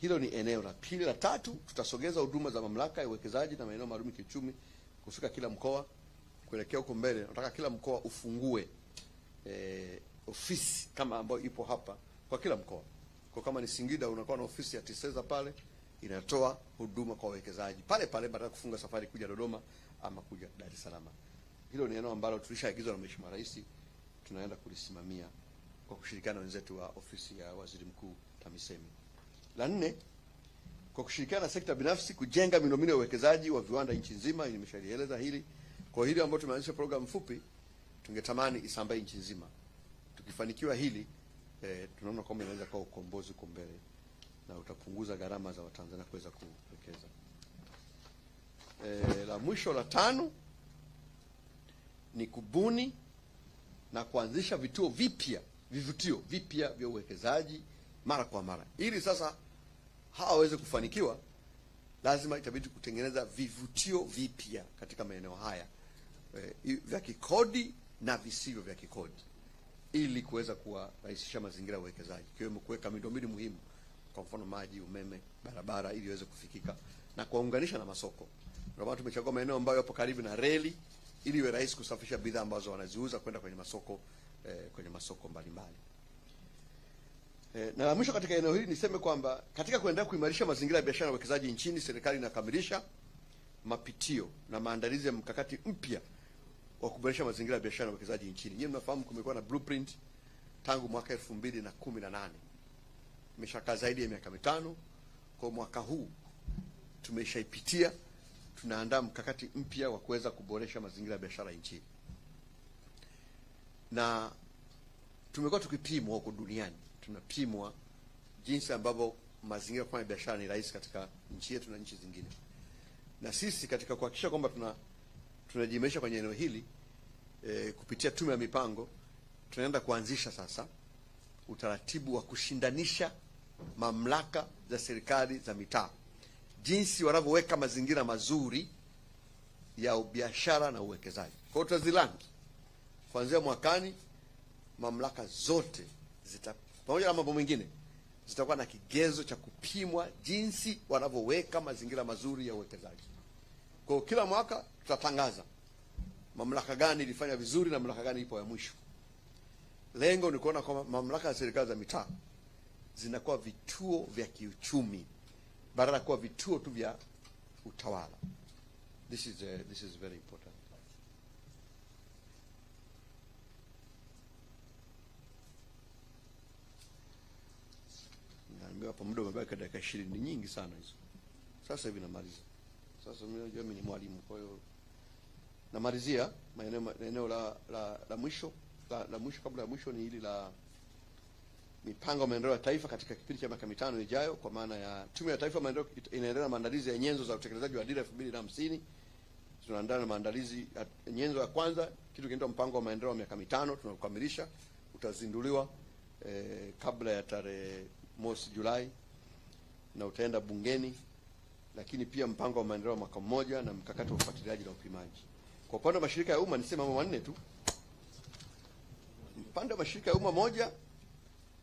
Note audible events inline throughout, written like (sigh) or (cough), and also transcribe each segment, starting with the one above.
Hilo ni eneo la pili. La tatu, tutasogeza huduma za mamlaka ya uwekezaji na maeneo maalum kiuchumi kufika kila mkoa. Kuelekea huko mbele, nataka kila mkoa ufungue eh, ofisi kama ambayo ipo hapa kwa kila mkoa. Kwa kama ni Singida, unakuwa na ofisi ya Tiseza pale inatoa huduma kwa wawekezaji pale pale, baada ya kufunga safari kuja Dodoma ama kuja Dar es Salaam. Hilo ni eneo ambalo tulishaagizwa na Mheshimiwa Rais, tunaenda kulisimamia kwa kushirikiana wenzetu wa ofisi ya Waziri Mkuu TAMISEMI. La nne, kwa kushirikiana na sekta binafsi kujenga miundombinu ya uwekezaji wa viwanda nchi nzima. Nimeshalieleza hili kwa hili ambayo tumeanzisha programu fupi, tungetamani isambae nchi nzima. Tukifanikiwa hili eh, tunaona kwamba inaweza kuwa ukombozi huko mbele na utapunguza gharama za Watanzania kuweza kuwekeza. Eh, la mwisho la tano ni kubuni na kuanzisha vituo vipya, vivutio vipya vya uwekezaji mara kwa mara, ili sasa waweze kufanikiwa, lazima itabidi kutengeneza vivutio vipya katika maeneo haya e, vya kikodi na visivyo vya kikodi ili kuweza kuwarahisisha mazingira ya uwekezaji ikiwemo kuweka miundombinu muhimu, kwa mfano maji, umeme, barabara ili iweze kufikika na kuwaunganisha na masoko. Ndio maana tumechagua maeneo ambayo yapo karibu na reli ili iwe rahisi kusafirisha bidhaa ambazo wanaziuza kwenda kwenye masoko eh, kwenye masoko mbalimbali. Eh, na la mwisho katika eneo hili niseme kwamba katika kuendelea kuimarisha mazingira ya biashara na uwekezaji nchini, serikali inakamilisha mapitio na maandalizi ya mkakati mpya wa kuboresha mazingira ya biashara na uwekezaji nchini. Nyinyi mnafahamu kumekuwa na blueprint tangu mwaka elfu mbili na kumi na nane imeshakaa zaidi ya miaka mitano. Kwa mwaka huu tumeshaipitia, tunaandaa mkakati mpya wa kuweza kuboresha mazingira ya biashara nchini, na tumekuwa tukipimwa huko duniani tunapimwa jinsi ambavyo mazingira kufanya biashara ni rahisi katika nchi yetu na nchi zingine. Na sisi katika kuhakikisha kwamba tuna tunajimesha kwenye eneo hili e, kupitia tume ya mipango tunaenda kuanzisha sasa utaratibu wa kushindanisha mamlaka za serikali za mitaa jinsi wanavyoweka mazingira mazuri ya biashara na uwekezaji. Kwa hiyo tutazilangi kuanzia mwakani mamlaka zote zita pamoja na mambo mengine, zitakuwa na kigezo cha kupimwa jinsi wanavyoweka mazingira mazuri ya uwekezaji. Kwa kila mwaka tutatangaza mamlaka gani ilifanya vizuri na mamlaka gani ipo ya mwisho. Lengo ni kuona kwamba mamlaka ya serikali za mitaa zinakuwa vituo vya kiuchumi badala ya kuwa vituo tu vya utawala. This is, uh, this is very important. Naambiwa hapa muda umebaki dakika ishirini nyingi sana hizo. Sasa hivi namaliza. Sasa mimi najua mimi ni mwalimu, kwa hiyo namalizia maeneo eneo la, la, la mwisho la, la mwisho kabla ya mwisho ni hili la mipango ya maendeleo ya taifa katika kipindi cha miaka mitano ijayo, kwa maana ya Tume ya Taifa Maendeleo inaendelea maandalizi ya nyenzo za utekelezaji wa dira 2050 Tunaandaa na maandalizi ya nyenzo ya kwanza, kitu kinaitwa mpango wa maendeleo ya miaka mitano, tunakamilisha utazinduliwa eh, kabla ya tarehe mosi Julai na utaenda bungeni, lakini pia mpango wa maendeleo wa mwaka mmoja na mkakati wa ufuatiliaji na upimaji. Kwa upande wa mashirika ya umma nisema mambo manne tu. Upande wa mashirika ya umma, moja,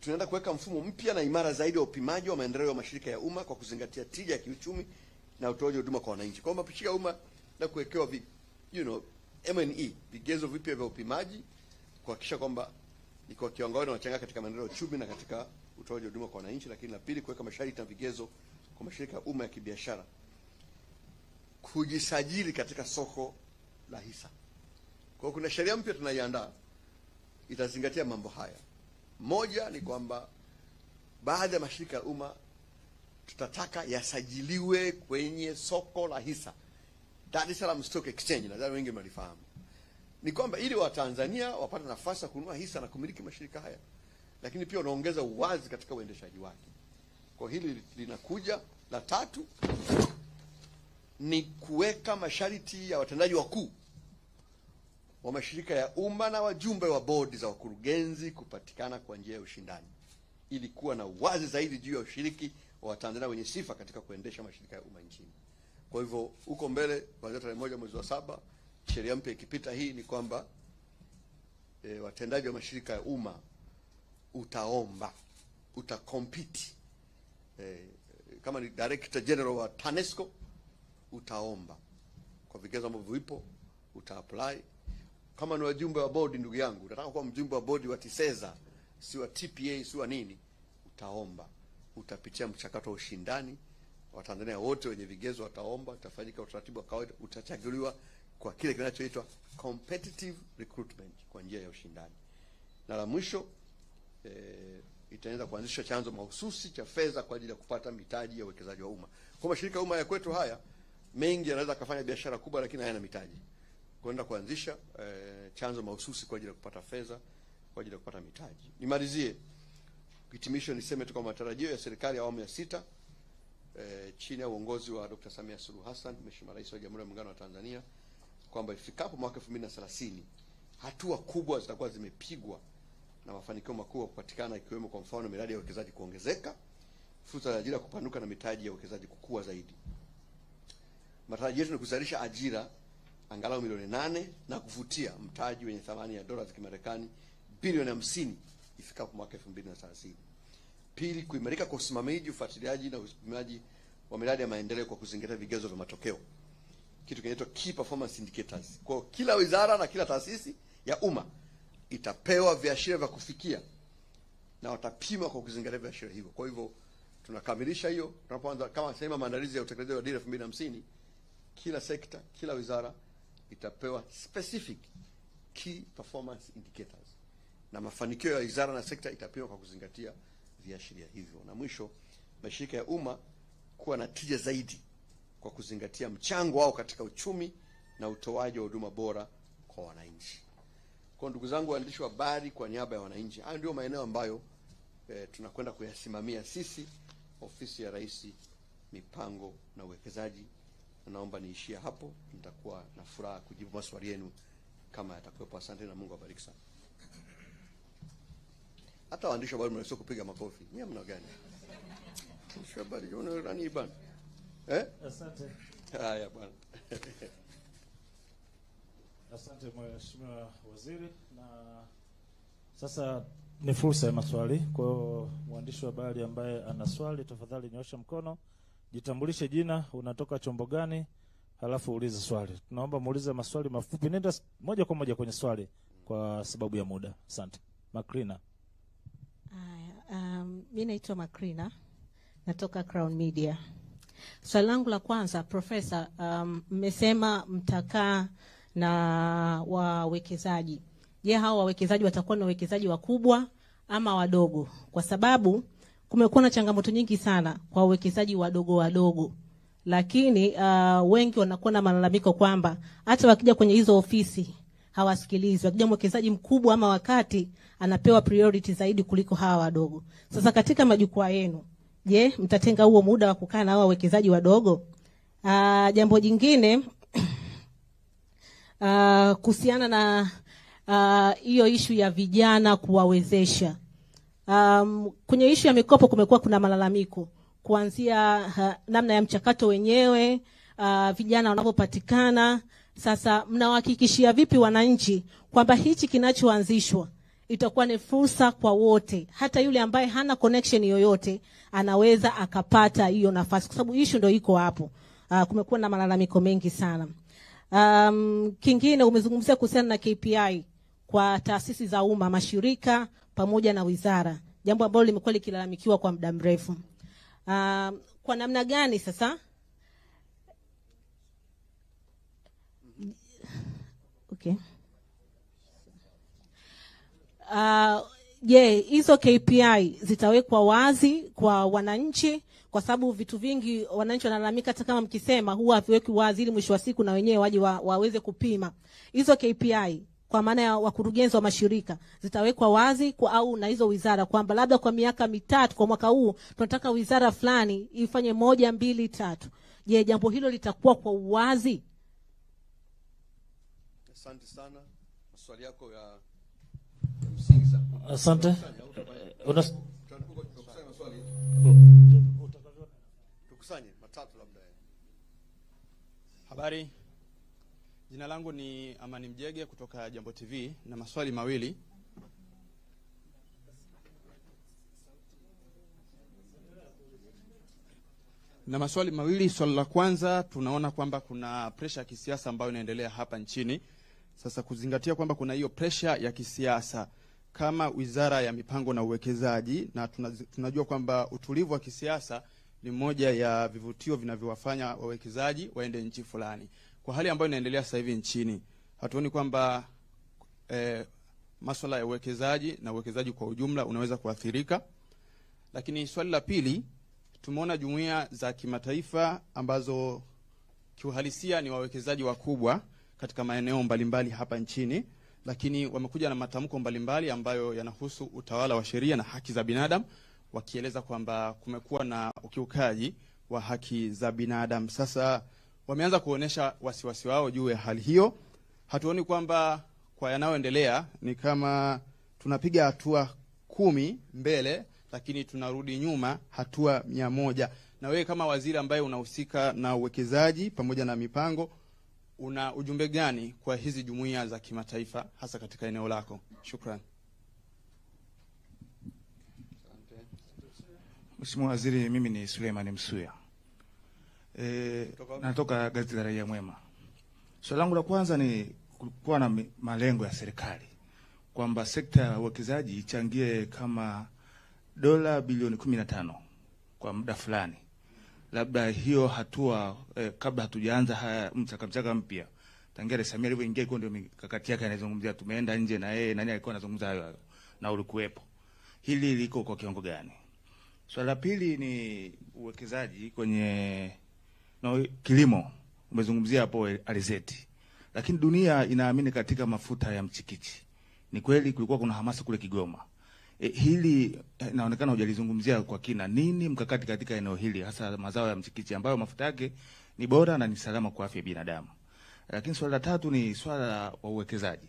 tunaenda kuweka mfumo mpya na imara zaidi wa upimaji wa maendeleo ya mashirika ya umma kwa kuzingatia tija ya kiuchumi na utoaji huduma kwa wananchi. Kwa mashirika ya umma na kuwekewa vi, you know, MNE vigezo vipya vya upimaji kuhakikisha kwamba ni kwa kiwango gani wanachangia katika maendeleo ya uchumi na katika utoaji huduma kwa wananchi, lakini la pili, kuweka masharti na vigezo kwa mashirika ya umma ya kibiashara kujisajili katika soko la hisa. Kwa hiyo kuna sheria mpya tunaiandaa itazingatia mambo haya. Moja ni kwamba baadhi ya mashirika ya umma tutataka yasajiliwe kwenye soko la hisa Dar es Salaam Stock Exchange, nadhani wengi mnalifahamu. Ni kwamba ili Watanzania wapate nafasi ya kununua hisa na kumiliki mashirika haya lakini pia unaongeza uwazi katika uendeshaji wake. Kwa hili linakuja. La tatu ni kuweka masharti ya watendaji wakuu wa mashirika ya umma na wajumbe wa bodi za wakurugenzi kupatikana kwa njia ya ushindani ili kuwa na uwazi zaidi juu ya ushiriki wa Watanzania wenye sifa katika kuendesha mashirika ya umma nchini. Kwa hivyo huko mbele, kuanzia tarehe moja mwezi wa saba, sheria mpya ikipita hii, ni kwamba e, watendaji wa mashirika ya umma utaomba, utakompiti eh, kama ni director general wa TANESCO utaomba kwa vigezo ambavyo vipo, apply. Kama ni wajumbe wa bodi, ndugu yangu, unataka kuwa mjumbe wa bodi wa TISEZA, si wa TPA, si wa nini, utaomba, utapitia mchakato wa ushindani. Watanzania wote wenye vigezo wataomba, utafanyika utaratibu wa kawaida, utachaguliwa kwa kile kinachoitwa competitive recruitment, kwa njia ya ushindani. Na la mwisho e, eh, itaanza kuanzisha chanzo mahususi cha fedha kwa ajili ya kupata mitaji ya uwekezaji wa umma. Kwa mashirika ya umma ya kwetu haya mengi yanaweza kufanya biashara kubwa, lakini hayana mitaji. Kwenda kuanzisha e, chanzo mahususi kwa ajili ya kupata fedha kwa ajili ya kupata mitaji. Nimalizie hitimisho, niseme tu kwa matarajio ya serikali ya awamu ya sita e, chini ya uongozi wa Dr. Samia Suluhu Hassan, Mheshimiwa Rais wa Jamhuri ya Muungano wa Tanzania, kwamba ifikapo mwaka 2030 hatua kubwa zitakuwa zimepigwa na mafanikio makubwa kupatikana ikiwemo kwa mfano miradi ya uwekezaji kuongezeka, fursa za ajira kupanuka na mitaji ya uwekezaji kukua zaidi. Matarajio yetu ni kuzalisha ajira angalau milioni nane na kuvutia mtaji wenye thamani ya dola za Kimarekani bilioni hamsini ifikapo mwaka 2030. Pili, kuimarika kwa usimamizi, ufuatiliaji na usimamizi wa miradi ya maendeleo kwa kuzingatia vigezo vya matokeo, kitu kinaitwa key performance indicators. Kwa kila wizara na kila taasisi ya umma itapewa viashiria vya kufikia na watapima kwa kuzingatia viashiria hivyo. Kwa hivyo tunakamilisha hiyo, tunapoanza kama sema maandalizi ya utekelezaji wa dira 2050, kila sekta, kila wizara itapewa specific key performance indicators, na mafanikio ya wizara na sekta itapimwa kwa kuzingatia viashiria hivyo. Na mwisho, mashirika ya umma kuwa na tija zaidi kwa kuzingatia mchango wao katika uchumi na utoaji wa huduma bora kwa wananchi. Kwa ndugu zangu waandishi wa habari, kwa niaba ya wananchi, hayo ndio maeneo ambayo e, tunakwenda kuyasimamia sisi, ofisi ya Rais mipango na uwekezaji. Naomba niishie hapo, nitakuwa na furaha kujibu maswali yenu kama yatakuwepo. Asante na Mungu awabariki sana. Hata waandishi wa habari mnaweza kupiga makofi. Nyie mna gani? Shabari, unaona nani bwana? Eh? Asante. Haya bwana. (laughs) Asante mheshimiwa waziri, na sasa ni fursa ya maswali. Kwa hiyo mwandishi wa habari ambaye ana swali, tafadhali nyosha mkono, jitambulishe jina, unatoka chombo gani, halafu ulize swali. Tunaomba muulize maswali mafupi, nenda moja kwa moja kwenye swali kwa sababu ya muda. Asante. Makrina. um, mimi naitwa Makrina natoka Crown Media. Swali langu la kwanza, Profesa, um, mmesema um, mtakaa na wawekezaji. Je, hao wawekezaji watakuwa ni wawekezaji wakubwa ama wadogo? Kwa sababu kumekuwa na changamoto nyingi sana kwa wawekezaji wadogo wadogo, lakini uh, wengi wanakuwa na malalamiko kwamba hata wakija kwenye hizo ofisi hawasikilizwi. Akija mwekezaji mkubwa ama wakati anapewa priority zaidi kuliko hawa wadogo. Sasa katika majukwaa yenu, je, mtatenga huo muda wa kukaa na hawa wawekezaji wadogo? Uh, jambo jingine uh, kuhusiana na ah, hiyo uh, ishu ya vijana kuwawezesha um, kwenye ishu ya mikopo kumekuwa kuna malalamiko kuanzia uh, namna ya mchakato wenyewe uh, vijana wanavyopatikana. Sasa mnawahakikishia vipi wananchi kwamba hichi kinachoanzishwa itakuwa ni fursa kwa wote, hata yule ambaye hana connection yoyote anaweza akapata hiyo nafasi, kwa sababu ishu ndio iko hapo. Uh, kumekuwa na malalamiko mengi sana. Um, kingine umezungumzia kuhusiana na KPI kwa taasisi za umma, mashirika pamoja na wizara, jambo ambalo limekuwa likilalamikiwa kwa muda mrefu. Um, kwa namna gani sasa okay. Uh, je, uh, yeah, hizo KPI zitawekwa wazi kwa wananchi kwa sababu vitu vingi wananchi wanalalamika, hata kama mkisema huwa haviweki wazi, ili mwisho wa siku na wenyewe waje wa, waweze kupima hizo KPI kwa maana ya wakurugenzi wa mashirika zitawekwa wazi kwa au na hizo wizara kwamba labda kwa miaka mitatu, kwa mwaka huu tunataka wizara fulani ifanye moja, mbili, tatu. Je, jambo hilo litakuwa kwa uwazi? Asante sana. swali yako ya msingi sana. Asante. Una... Habari, jina langu ni Amani Mjege kutoka Jambo TV na maswali mawili. Na maswali mawili, swali la kwanza tunaona kwamba kuna presha ya kisiasa ambayo inaendelea hapa nchini. Sasa kuzingatia kwamba kuna hiyo presha ya kisiasa kama Wizara ya Mipango na Uwekezaji, na tunajua kwamba utulivu wa kisiasa ni moja ya vivutio vinavyowafanya wawekezaji waende nchi fulani. Kwa hali ambayo inaendelea sasa hivi nchini, hatuoni kwamba eh, masuala ya uwekezaji na uwekezaji kwa ujumla unaweza kuathirika. Lakini swali la pili, tumeona jumuiya za kimataifa ambazo kiuhalisia ni wawekezaji wakubwa katika maeneo mbalimbali hapa nchini, lakini wamekuja na matamko mbalimbali ambayo yanahusu utawala wa sheria na haki za binadamu wakieleza kwamba kumekuwa na ukiukaji wa haki za binadamu. Sasa wameanza kuonyesha wasiwasi wao juu ya hali hiyo. Hatuoni kwamba kwa yanayoendelea ni kama tunapiga hatua kumi mbele, lakini tunarudi nyuma hatua mia moja. Na wewe kama waziri ambaye unahusika na uwekezaji pamoja na mipango, una ujumbe gani kwa hizi jumuiya za kimataifa hasa katika eneo lako? Shukrani. Mheshimiwa Waziri, mimi ni Suleiman Msuya. E, natoka gazeti la Raia Mwema. Swali langu la kwanza ni kuwa na malengo ya serikali kwamba sekta ya uwekezaji ichangie kama dola bilioni kumi na tano kwa muda fulani, labda hiyo hatua eh, kabla hatujaanza haya mchakamchaka mpya tangia Rais Samia alivyoingia, iko ndio mikakati yake anazungumzia. Tumeenda nje na yeye, nani alikuwa anazungumza hayo hayo na ulikuwepo? Hili liko kwa kiwango gani? Swala la pili ni uwekezaji kwenye no, kilimo. Umezungumzia hapo alizeti, lakini dunia inaamini katika mafuta ya mchikichi. Ni kweli kulikuwa kuna hamasa kule Kigoma. E, hili eh, inaonekana hujalizungumzia kwa kina. Nini mkakati katika eneo hili hasa mazao ya mchikichi ambayo mafuta yake ni bora na ni salama kwa afya ya binadamu? Lakini swala la tatu ni swala la uwekezaji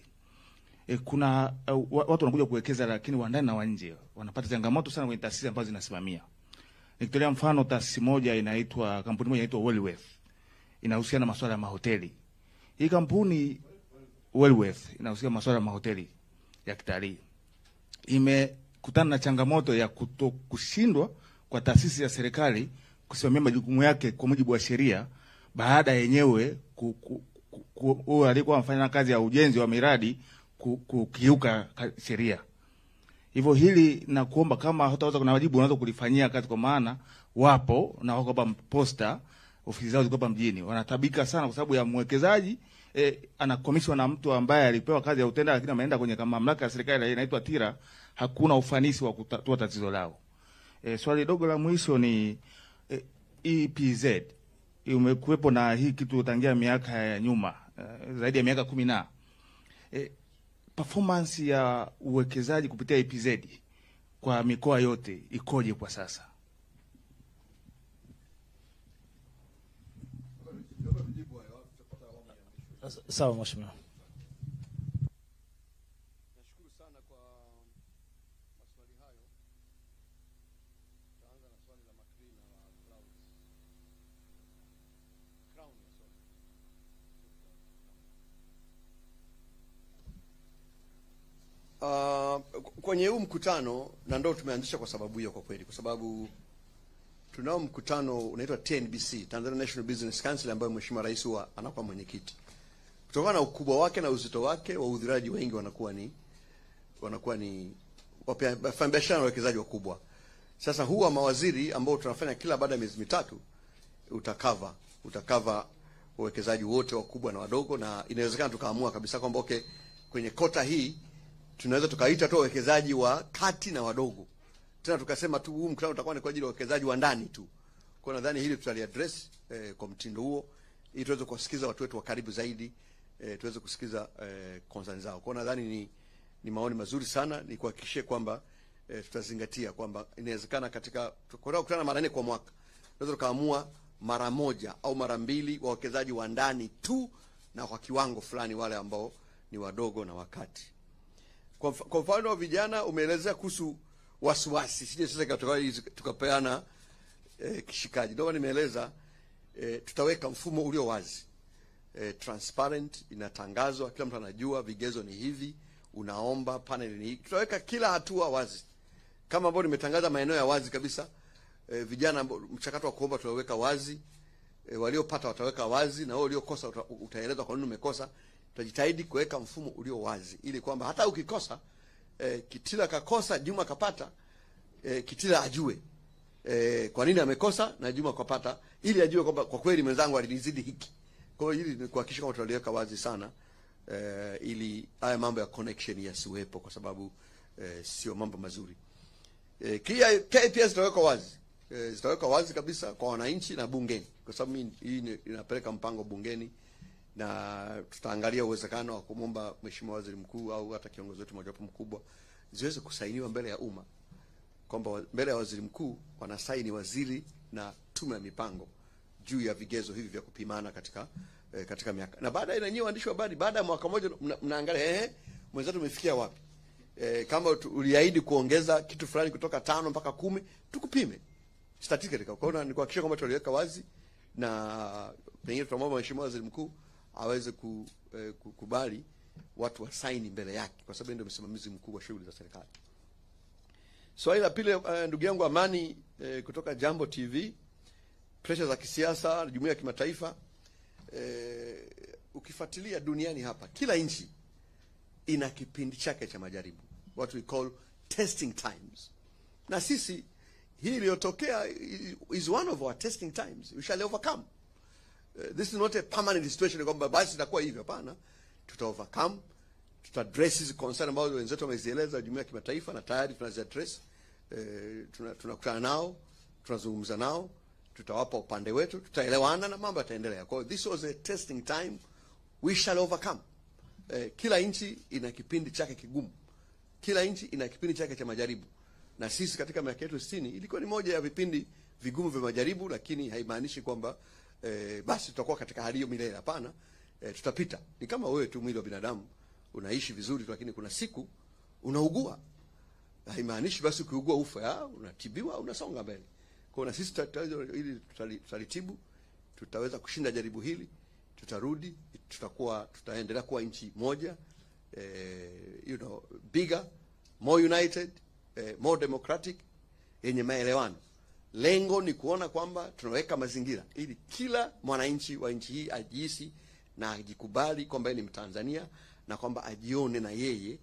E, kuna uh, watu wanakuja kuwekeza lakini wa ndani na wa nje wanapata changamoto sana kwenye taasisi ambazo zinasimamia. Nikitolea mfano taasisi moja inaitwa kampuni moja inaitwa Wellworth. Inahusiana na masuala ya mahoteli. Hii kampuni Wellworth inahusika na masuala ya mahoteli ya kitalii. Imekutana na changamoto ya kutokushindwa kwa taasisi ya serikali kusimamia majukumu yake kwa mujibu wa sheria baada yenyewe ku, ku, ku, ku, alikuwa anafanya kazi ya ujenzi wa miradi kukiuka sheria. Hivyo hili nakuomba, kama hutaweza kuna wajibu unaweza kulifanyia kazi, kwa maana wapo na wako hapa posta, ofisi zao ziko hapa mjini, wanatabika sana kwa sababu ya mwekezaji e, anakomishwa na mtu ambaye alipewa kazi ya utenda, lakini ameenda kwenye mamlaka ya serikali inaitwa TIRA, hakuna ufanisi wa kutatua tatizo lao. E, swali dogo la mwisho ni eh, e, EPZ umekuwepo na hii kitu tangia miaka ya nyuma e, zaidi ya miaka kumi na e, performance ya uwekezaji kupitia IPZ kwa mikoa yote ikoje kwa sasa? Sawa mheshimiwa. Uh, kwenye huu mkutano na ndio tumeanzisha kwa sababu hiyo, kwa kweli, kwa sababu tunao mkutano unaitwa TNBC, Tanzania National Business Council, ambayo Mheshimiwa Rais huwa anakuwa mwenyekiti. Kutokana na ukubwa wake na uzito wake, wahudhuriaji wengi wanakuwa ni wanakuwa ni wafanyabiashara na wawekezaji wakubwa. Sasa huwa mawaziri ambao tunafanya kila baada ya miezi mitatu utakava utakava wawekezaji wote wakubwa na wadogo, na inawezekana tukaamua kabisa kwamba okay, kwenye kota hii tunaweza tukaita tu wawekezaji wa kati na wadogo, tena tukasema tu huu mkutano utakuwa ni kwa ajili ya wawekezaji wa ndani tu. Kwa nadhani hili tutaliaddress eh, kwa mtindo huo ili tuweze kuwasikiza watu wetu wa karibu zaidi eh, tuweze kusikiza eh, concern zao. Kwa nadhani ni, ni maoni mazuri sana, ni kuhakikishie kwamba eh, tutazingatia kwamba inawezekana katika kukutana mara nne kwa mwaka, tunaweza tukaamua mara moja au mara mbili wawekezaji wa ndani tu na kwa kiwango fulani wale ambao ni wadogo na wakati kwa, mfano wa vijana umeelezea kuhusu wasiwasi, sije sasa ikatoka tukapeana e, kishikaji. Ndio nimeeleza e, tutaweka mfumo ulio wazi e, transparent, inatangazwa, kila mtu anajua vigezo ni hivi, unaomba panel ni hivi. Tutaweka kila hatua wazi kama ambavyo nimetangaza maeneo ya wazi kabisa e, vijana, mchakato wa kuomba tutaweka wazi. E, waliopata wataweka wazi na wao waliokosa uta, utaelezwa kwa nini umekosa tutajitahidi kuweka mfumo ulio wazi, ili kwamba hata ukikosa e, Kitila kakosa, Juma kapata e, Kitila ajue e, kwa nini amekosa na Juma kapata, ili ajue kwamba kwa kweli mwenzangu alinizidi hiki. Kwa hiyo ili ni kuhakikisha kwamba tunaliweka wazi sana e, ili haya mambo ya connection yasiwepo, kwa sababu e, sio mambo mazuri e, kia KPS zitaweka wazi e, zitaweka wazi kabisa kwa wananchi na bungeni, kwa sababu hii inapeleka mpango bungeni na tutaangalia uwezekano wa kumwomba Mheshimiwa Waziri Mkuu au hata kiongozi wetu mojawapo mkubwa ziweze kusainiwa mbele ya umma, kwamba mbele ya Waziri Mkuu wanasaini waziri na tume ya mipango juu ya vigezo hivi vya kupimana katika eh, katika miaka na baada ya nyinyi waandishi wa habari, baada ya mwaka mmoja mnaangalia mna, ehe, mwenzetu umefikia wapi? Eh, kama uliahidi kuongeza kitu fulani kutoka tano mpaka kumi, tukupime statistically. Kwa hiyo ni kuhakikisha kwamba tuliweka wazi na pengine tutamwomba Mheshimiwa Waziri Mkuu aweze kukubali eh, watu wasaini mbele yake, kwa sababu ndio msimamizi mkuu wa shughuli za serikali. Swali so, la pili eh, ndugu yangu Amani eh, kutoka Jambo TV, presha za kisiasa, jumuiya ya kimataifa eh, ukifuatilia duniani hapa, kila nchi ina kipindi chake cha majaribu, what we call testing times, na sisi hii iliyotokea is one of our testing times, we shall overcome. Eh, this is not a permanent situation kwamba basi itakuwa hivyo. Hapana, tuta overcome, tuta address hizi concern ambazo wenzetu wamezieleza jumuiya ya kimataifa, na tayari tunazi address eh, tunakutana tuna nao, tunazungumza nao, tutawapa upande wetu, tutaelewana na mambo yataendelea. Kwa hiyo this was a testing time, we shall overcome. Eh, kila nchi ina kipindi chake kigumu, kila nchi ina kipindi chake cha majaribu, na sisi katika miaka yetu 60 ilikuwa ni moja ya vipindi vigumu vya majaribu, lakini haimaanishi kwamba e, basi tutakuwa katika hali hiyo milele. Hapana, e, tutapita. Ni kama wewe tu, mwili wa binadamu unaishi vizuri, lakini kuna siku unaugua. Haimaanishi basi ukiugua ufe, ah, unatibiwa, unasonga mbele. Kwa na sisi ili tutalitibu, tutaweza kushinda jaribu hili, tutarudi, tutakuwa tutaendelea kuwa nchi moja eh, you know, bigger more united eh, more democratic yenye maelewano. Lengo ni kuona kwamba tunaweka mazingira ili kila mwananchi wa nchi hii ajihisi na ajikubali kwamba ni Mtanzania na kwamba ajione na yeye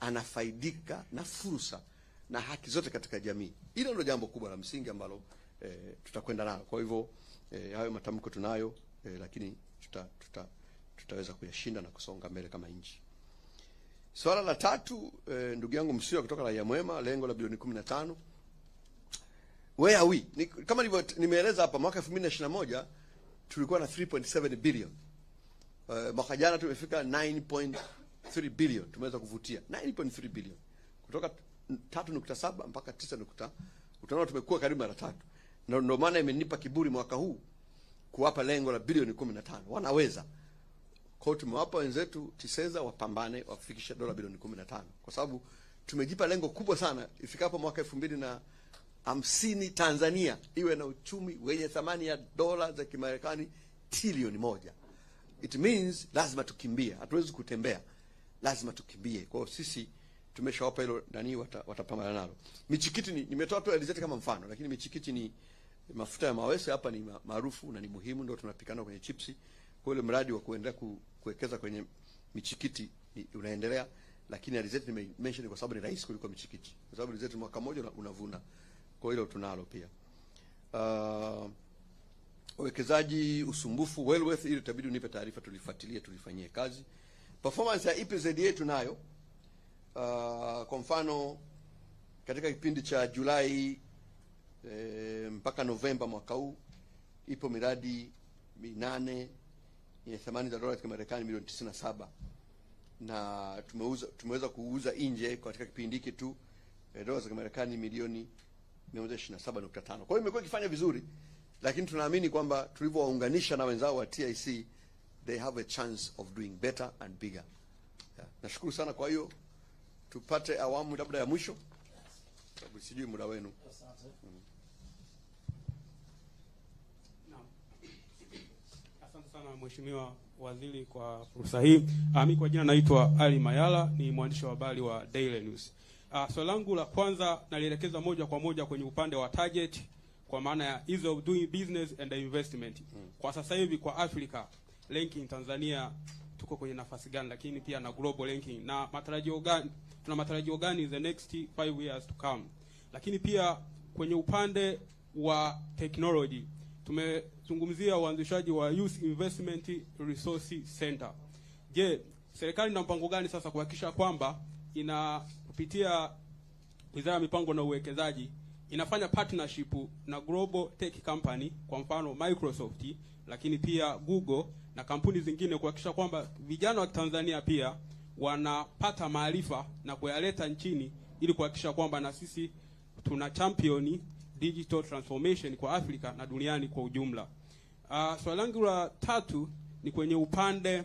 anafaidika na fursa na haki zote katika jamii. Hilo ndio jambo kubwa la msingi ambalo e, tutakwenda nalo. Kwa hivyo e, hayo matamko tunayo e, lakini tuta, tuta, tutaweza kuyashinda na kusonga mbele kama nchi. Swala la tatu e, ndugu yangu Msio kutoka Raia Mwema, lengo la bilioni kumi na tano where are we? Ni, kama nimeeleza hapa, mwaka 2021 tulikuwa na 3.7 billion. Uh, mwaka jana tumefika 9.3 billion, tumeweza kuvutia 9.3 billion kutoka 3.7 mpaka 9. Utaona tumekuwa karibu mara tatu, na ndio maana imenipa kiburi mwaka huu kuwapa lengo la bilioni 15. Wanaweza kwao, tumewapa wenzetu Tiseza wapambane wafikishe dola bilioni 15, kwa sababu tumejipa lengo kubwa sana ifikapo mwaka 2000 na hamsini Tanzania iwe na uchumi wenye thamani ya dola za Kimarekani trilioni moja. It means lazima tukimbie, hatuwezi kutembea, lazima tukimbie. Kwa hiyo sisi tumeshawapa hilo nani, watapambana wata nalo. Michikiti ni nimetoa tu alizeti kama mfano, lakini michikiti ni mafuta ya mawese hapa ni maarufu na ni muhimu, ndio tunapikana kwenye chipsi. Kwa hiyo mradi wa kuendelea kuwekeza kwenye michikiti ni unaendelea, lakini alizeti nime mention kwa sababu ni rahisi kuliko michikiti, kwa sababu alizeti mwaka mmoja unavuna. una kwa hilo tunalo pia uh, uwekezaji usumbufu Wellworth, ili itabidi unipe taarifa, tulifuatilie tulifanyie kazi. Performance ya e yetu nayo Uh, kwa mfano katika kipindi cha Julai e, mpaka Novemba mwaka huu ipo miradi minane yenye thamani za dola za Marekani milioni 97 na tumeuza tumeweza kuuza nje katika kipindi hiki tu e, dola za Marekani milioni 127.5. Kwa hiyo imekuwa ikifanya vizuri, lakini tunaamini kwamba tulivyowaunganisha na wenzao wa TIC they have a chance of doing better and bigger. Yeah. Nashukuru sana kwa hiyo tupate awamu labda ya mwisho. Sababu sijui muda wenu. sana Mheshimiwa Waziri kwa fursa hii. Mimi ah, kwa jina naitwa Ali Mayala, ni mwandishi wa habari wa Daily News. Uh, swali langu la kwanza nalielekeza moja kwa moja kwenye upande wa target kwa maana ya ease of doing business and investment. Hmm. Kwa sasa hivi kwa Africa ranking Tanzania tuko kwenye nafasi gani, lakini pia na global ranking na matarajio gani, tuna matarajio gani the next five years to come? Lakini pia kwenye upande wa technology tumezungumzia uanzishaji wa Youth Investment Resource Center. Je, serikali ina mpango gani sasa kuhakikisha kwamba ina kupitia Wizara ya Mipango na Uwekezaji inafanya partnership na global tech company, kwa mfano Microsoft, lakini pia Google na kampuni zingine kuhakikisha kwamba vijana wa Tanzania pia wanapata maarifa na kuyaleta nchini ili kuhakikisha kwamba na sisi tuna champion digital transformation kwa Afrika na duniani kwa ujumla. Uh, swali langu la tatu ni kwenye upande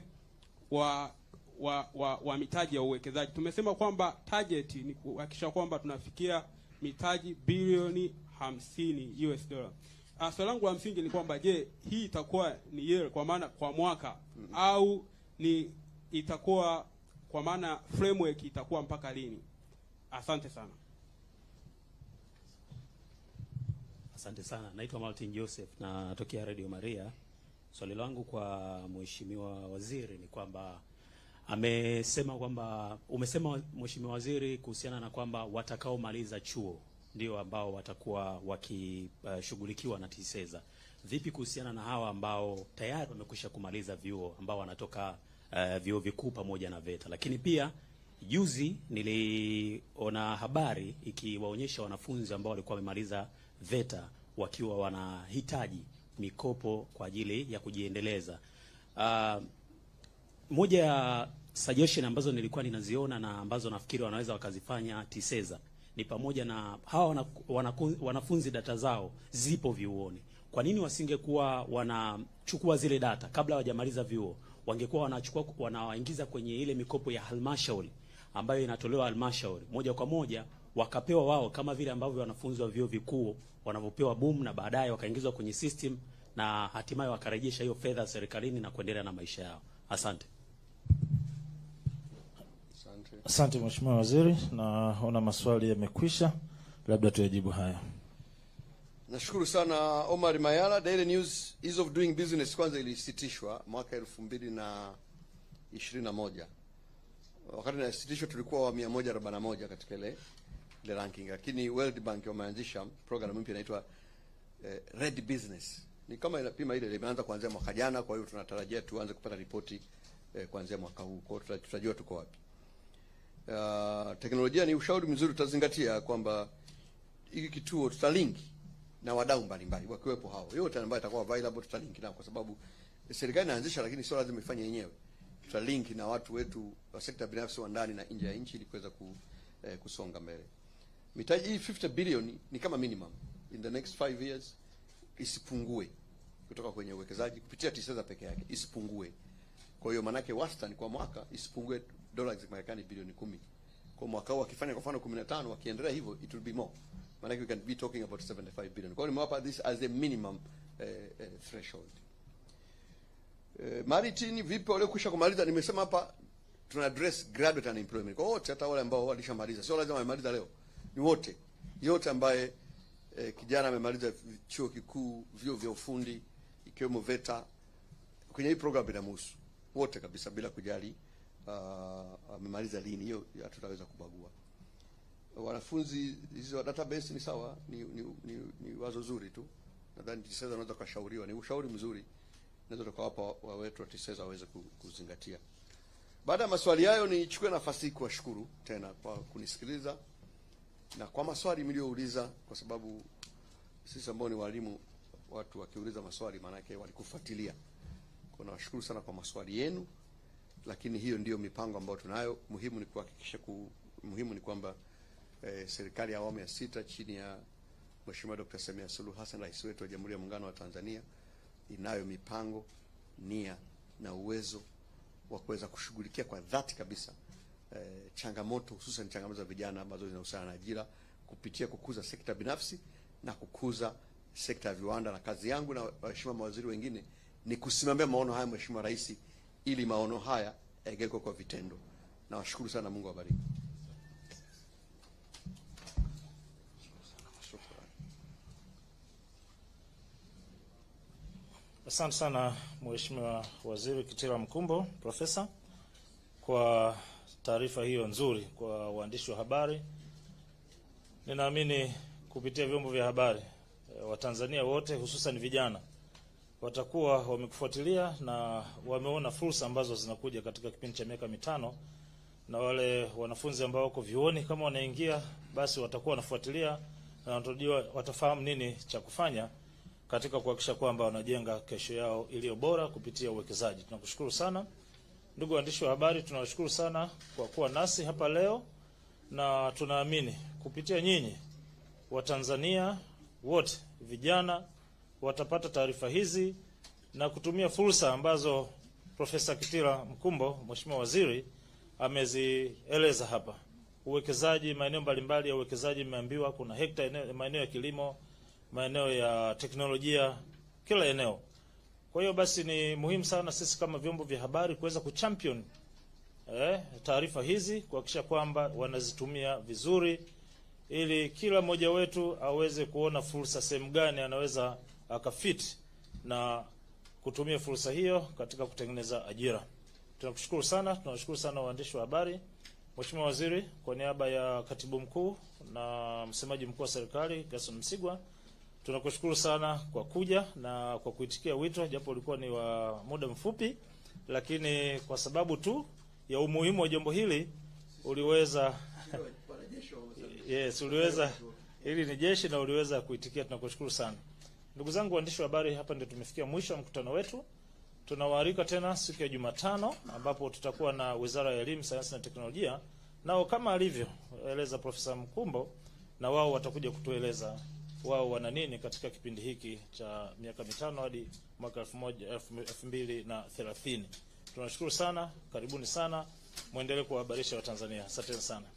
wa wa, wa, wa mitaji ya uwekezaji. Tumesema kwamba target ni kuhakikisha kwamba tunafikia mitaji bilioni hamsini US dollar. Ah, swali langu la msingi ni kwamba je, hii itakuwa ni year kwa maana kwa mwaka mm -hmm. au ni itakuwa kwa maana framework itakuwa mpaka lini? Asante sana. Asante sana. Naitwa Martin Joseph na natokea Radio Maria. Swali langu kwa Mheshimiwa Waziri ni kwamba amesema kwamba umesema Mheshimiwa Waziri kuhusiana na kwamba watakaomaliza chuo ndio ambao watakuwa wakishughulikiwa uh, na TISEZA. Vipi kuhusiana na hawa ambao tayari wamekwisha kumaliza vyuo ambao wanatoka uh, vyuo vikuu pamoja na VETA? Lakini pia juzi niliona habari ikiwaonyesha wanafunzi ambao walikuwa wamemaliza VETA wakiwa wanahitaji mikopo kwa ajili ya kujiendeleza uh, moja ya suggestion ambazo nilikuwa ninaziona na ambazo nafikiri wanaweza wakazifanya TISEZA ni pamoja na hawa wanafunzi data zao zipo vyuoni. Kwa nini wasingekuwa wanachukua zile data kabla hawajamaliza vyuo? Wangekuwa wanachukua wanawaingiza kwenye ile mikopo ya halmashauri ambayo inatolewa halmashauri moja kwa moja, wakapewa wao kama vile ambavyo wanafunzi wa vyuo vikuu wanavyopewa boom na baadaye wakaingizwa kwenye system na hatimaye wakarejesha hiyo fedha serikalini na kuendelea na maisha yao. Asante. Asante Mheshimiwa Waziri, naona maswali yamekwisha, labda tuyajibu haya. Nashukuru sana Omar Mayala. Daily News ease of doing business kwanza ilisitishwa mwaka elfu mbili na ishirini na moja. Wakati nasitishwa tulikuwa wa mia moja arobaini na moja katika ile ile ranking, lakini World Bank wameanzisha program mpya inaitwa eh, Red Business. Ni kama inapima ile, imeanza kuanzia mwaka jana, kwa hiyo tunatarajia tuanze kupata ripoti eh, kuanzia mwaka huu, kwa hiyo tutajua tuko wapi uh, teknolojia ni ushauri mzuri, tutazingatia kwamba hiki kituo tutalinki na wadau mbalimbali wakiwepo hao yote ambayo itakuwa available tutalinki nao, kwa sababu serikali inaanzisha, lakini sio lazima ifanye yenyewe. Tutalinki na watu wetu wa sekta binafsi wa ndani na nje ya nchi ili kuweza ku, eh, kusonga mbele. Mitaji hii 50 billion ni kama minimum in the next 5 years, isipungue kutoka kwenye uwekezaji kupitia TISEZA peke yake isipungue. Kwa hiyo manake wastani kwa mwaka isipungue dola za Marekani bilioni kumi. Kwa mwaka huu wakifanya kwa mfano 15 wakiendelea hivyo it will be more. Maana we can be talking about 75 billion. Kwa hiyo nimewapa this as a minimum uh, uh, threshold. Uh, Maritini vipi wale waliokwisha kumaliza? Nimesema hapa tuna address graduate unemployment. Kwa wote hata wale ambao walishamaliza. Sio lazima wamemaliza leo. Ni wote. Yote ambaye eh, kijana amemaliza chuo kikuu, vyuo vya ufundi ikiwemo VETA kwenye hii program inamhusu wote kabisa bila kujali uh, amemaliza lini, hiyo hatutaweza kubagua. Wanafunzi hizo database ni sawa, ni, ni, ni, ni wazo zuri tu. Nadhani TISEZA unaweza ukashauriwa, ni ushauri mzuri, naweza tukawapa wawetu wa TISEZA waweze kuzingatia. Baada ya maswali hayo, nichukue nafasi hii kuwashukuru tena kwa kunisikiliza na kwa maswali mliouliza, kwa sababu sisi ambao ni walimu, watu wakiuliza maswali maanake walikufuatilia. Kwa nawashukuru sana kwa maswali yenu lakini hiyo ndiyo mipango ambayo tunayo. Muhimu ni kuhakikisha ku, muhimu ni kwamba eh, serikali ya awamu ya sita chini ya Mheshimiwa Dr. Samia Suluhu Hassan, rais wetu wa Jamhuri ya Muungano wa Tanzania, inayo mipango, nia na uwezo wa kuweza kushughulikia kwa dhati kabisa eh, changamoto hususan changamoto za vijana ambazo zinahusiana na ajira kupitia kukuza sekta binafsi na kukuza sekta ya viwanda, na kazi yangu na waheshimiwa mawaziri wengine ni kusimamia maono haya Mheshimiwa Rais ili maono haya yaigekwe kwa vitendo. Nawashukuru sana, Mungu awabariki. Asante sana Mheshimiwa Waziri Kitila Mkumbo, Profesa, kwa taarifa hiyo nzuri kwa waandishi wa habari. Ninaamini kupitia vyombo vya habari eh, Watanzania wote hususan vijana watakuwa wamekufuatilia na wameona fursa ambazo zinakuja katika kipindi cha miaka mitano, na wale wanafunzi ambao wako vyuoni kama wanaingia, basi watakuwa wanafuatilia na watajua, watafahamu nini cha kufanya katika kuhakikisha kwamba wanajenga kesho yao iliyo bora kupitia uwekezaji. Tunakushukuru sana ndugu waandishi wa habari, tunawashukuru sana kwa kuwa nasi hapa leo, na tunaamini kupitia nyinyi Watanzania wote vijana watapata taarifa hizi na kutumia fursa ambazo Profesa Kitila Mkumbo, Mheshimiwa Waziri, amezieleza hapa. Uwekezaji maeneo mbalimbali ya uwekezaji, imeambiwa kuna hekta maeneo ya kilimo, maeneo ya teknolojia, kila eneo. Kwa hiyo basi ni muhimu sana sisi kama vyombo vya habari kuweza kuchampion eh, taarifa hizi kuhakikisha kwamba wanazitumia vizuri ili kila mmoja wetu aweze kuona fursa sehemu gani anaweza akafit na kutumia fursa hiyo katika kutengeneza ajira. Tunakushukuru sana, tunawashukuru sana waandishi wa habari. Mheshimiwa Waziri, kwa niaba ya Katibu Mkuu na msemaji mkuu wa serikali Gaston Msigwa, tunakushukuru sana kwa kuja na kwa kuitikia wito, japo ulikuwa ni wa muda mfupi, lakini kwa sababu tu ya umuhimu wa jambo hili uliweza yes, uliweza hili ni jeshi na uliweza kuitikia, tunakushukuru sana. Ndugu zangu waandishi wa habari, hapa ndio tumefikia mwisho wa mkutano wetu. Tunawaalika tena siku ya Jumatano ambapo tutakuwa na Wizara ya Elimu, Sayansi na Teknolojia, nao kama alivyoeleza Profesa Mkumbo, na wao watakuja kutueleza wao wana nini katika kipindi hiki cha miaka mitano hadi mwaka elfu mbili na thelathini. Tunashukuru sana, karibuni sana, mwendelee kuwahabarisha Watanzania. Asanteni sana.